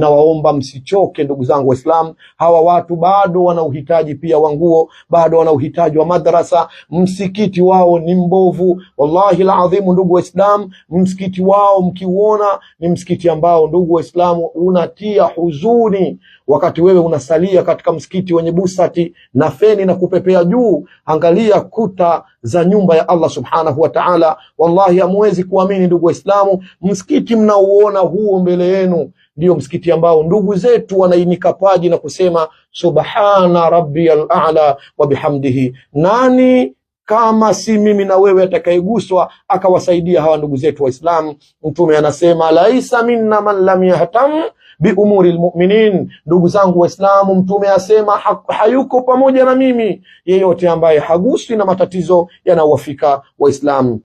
Nawaomba msichoke ndugu zangu Waislamu, hawa watu bado wana uhitaji pia wa nguo, bado wana uhitaji wa madrasa. Msikiti wao ni mbovu, wallahi ladhimu Ndugu Waislamu, msikiti wao mkiuona ni msikiti ambao, ndugu Waislamu, unatia huzuni wakati wewe unasalia katika msikiti wenye busati na feni na kupepea juu, angalia kuta za nyumba ya Allah subhanahu wa ta'ala. Wallahi hamwezi kuamini ndugu Waislamu, msikiti mnaouona huo mbele yenu ndio msikiti ambao ndugu zetu wanainika paji na kusema subhana rabbiyal a'la wa bihamdihi. Nani kama si mimi na wewe atakayeguswa akawasaidia hawa ndugu zetu Waislamu. Mtume anasema laisa minna man lam yahtam bi umuri lmuminin. Ndugu zangu Waislamu, Mtume asema ha hayuko pamoja na mimi yeyote ambaye haguswi na matatizo yanawafika Waislamu.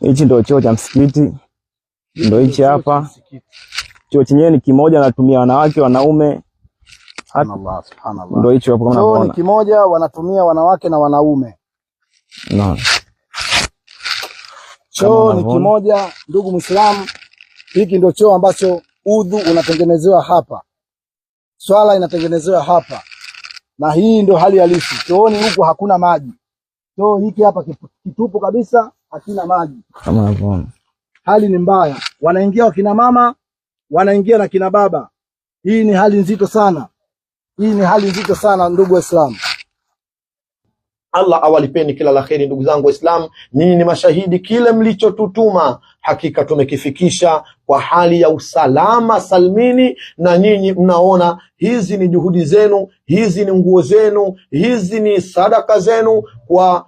Hichi ndio choo cha msikiti, ndio hichi hapa. Choo chenyewe ni kimoja, anatumia wanawake, wanaume Subhanallah, subhanallah. Ndio hicho hapo kama unaona. Choo ni kimoja wanatumia wanawake na wanaume. Naam. Choo ni kimoja ndugu Muislamu, hiki ndio choo ambacho udhu unatengenezewa hapa, swala inatengenezewa hapa, na hii ndio hali halisi. Chooni huku hakuna maji, choo hiki hapa kitupu kabisa, hakina maji kama unavyoona. Hali ni mbaya, wanaingia wakina mama, wanaingia na kina baba. Hii ni hali nzito sana. Hii ni hali nzito sana, ndugu Waislamu. Allah awalipeni kila la kheri, ndugu zangu Waislamu. Nyinyi ni mashahidi, kile mlichotutuma hakika tumekifikisha kwa hali ya usalama salmini, na nyinyi mnaona hizi ni juhudi zenu, hizi ni nguo zenu, hizi ni sadaka zenu kwa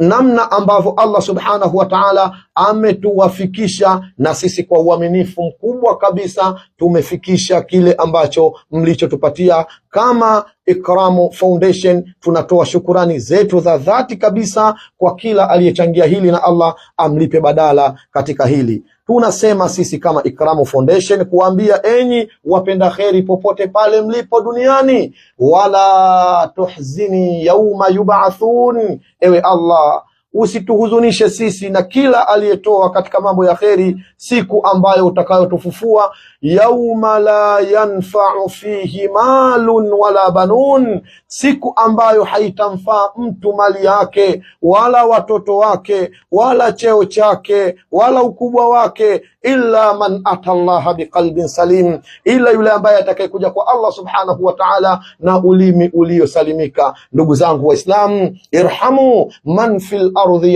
namna ambavyo Allah subhanahu wa ta'ala ametuwafikisha na sisi kwa uaminifu mkubwa kabisa tumefikisha kile ambacho mlichotupatia kama Ikramu Foundation tunatoa shukurani zetu za dhati kabisa kwa kila aliyechangia hili, na Allah amlipe badala katika hili. Tunasema sisi kama Ikramu Foundation kuambia enyi wapenda kheri popote pale mlipo duniani, wala tuhzini yauma yubathun, ewe Allah usituhuzunishe sisi na kila aliyetoa katika mambo ya kheri siku ambayo utakayotufufua, yauma la yanfau fihi malun wala banun, siku ambayo haitamfaa mtu mali yake wala watoto wake wala cheo chake wala ukubwa wake, illa man ata llaha biqalbin salim, ila yule ambaye atakayekuja kwa Allah subhanahu wa ta'ala na ulimi uliosalimika. Ndugu zangu Waislamu, irhamu man fil ardhi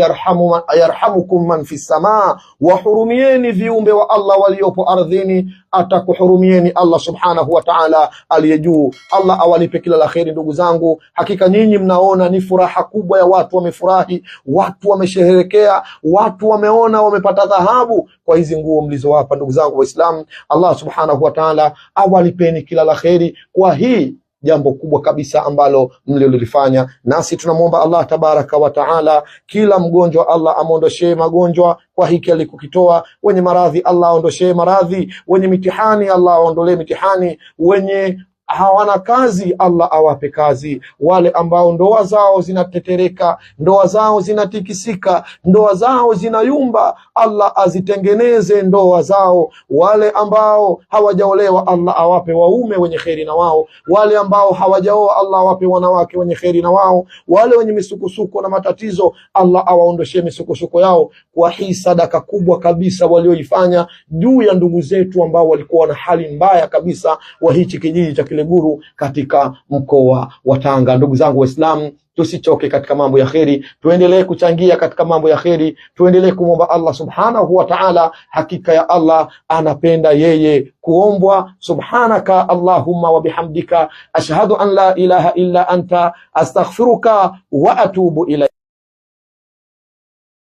yarhamukum man fi ssamaa, wahurumieni viumbe wa Allah waliopo ardhini, atakuhurumieni Allah subhanahu wa ta'ala aliye juu. Allah awalipe kila la kheri. Ndugu zangu, hakika nyinyi mnaona ni furaha kubwa ya watu, wamefurahi watu, wamesherehekea watu, wameona wamepata dhahabu kwa hizi nguo mlizowapa. Ndugu zangu Waislamu, Allah subhanahu wa ta'ala awalipeni kila la kheri kwa hii jambo kubwa kabisa ambalo mlilolifanya. Nasi tunamwomba Allah tabaraka wa taala, kila mgonjwa Allah amwondoshee magonjwa kwa hiki alikukitoa. Wenye maradhi Allah aondoshee maradhi, wenye mitihani Allah aondolee mitihani, wenye hawana kazi, Allah awape kazi. Wale ambao ndoa zao zinatetereka, ndoa zao zinatikisika, ndoa zao zinayumba, Allah azitengeneze ndoa zao. Wale ambao hawajaolewa, Allah awape waume wenye kheri na wao. Wale ambao hawajaoa, Allah awape wanawake wenye kheri na wao. Wale wenye misukosuko na matatizo, Allah awaondoshee misukosuko yao, kwa hii sadaka kubwa kabisa walioifanya juu ya ndugu zetu ambao walikuwa na hali mbaya kabisa wa hichi kijiji cha Kiluguru katika mkoa wa Tanga. Ndugu zangu Waislamu, tusichoke katika mambo ya kheri, tuendelee kuchangia katika mambo ya kheri, tuendelee kumwomba Allah subhanahu wa ta'ala. Hakika ya Allah anapenda yeye kuombwa. Subhanaka allahumma wa bihamdika ashhadu an la ilaha illa anta astaghfiruka wa atubu ilayk.